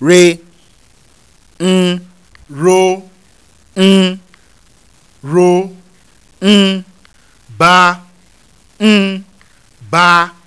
re n ro n ro n ba n ba.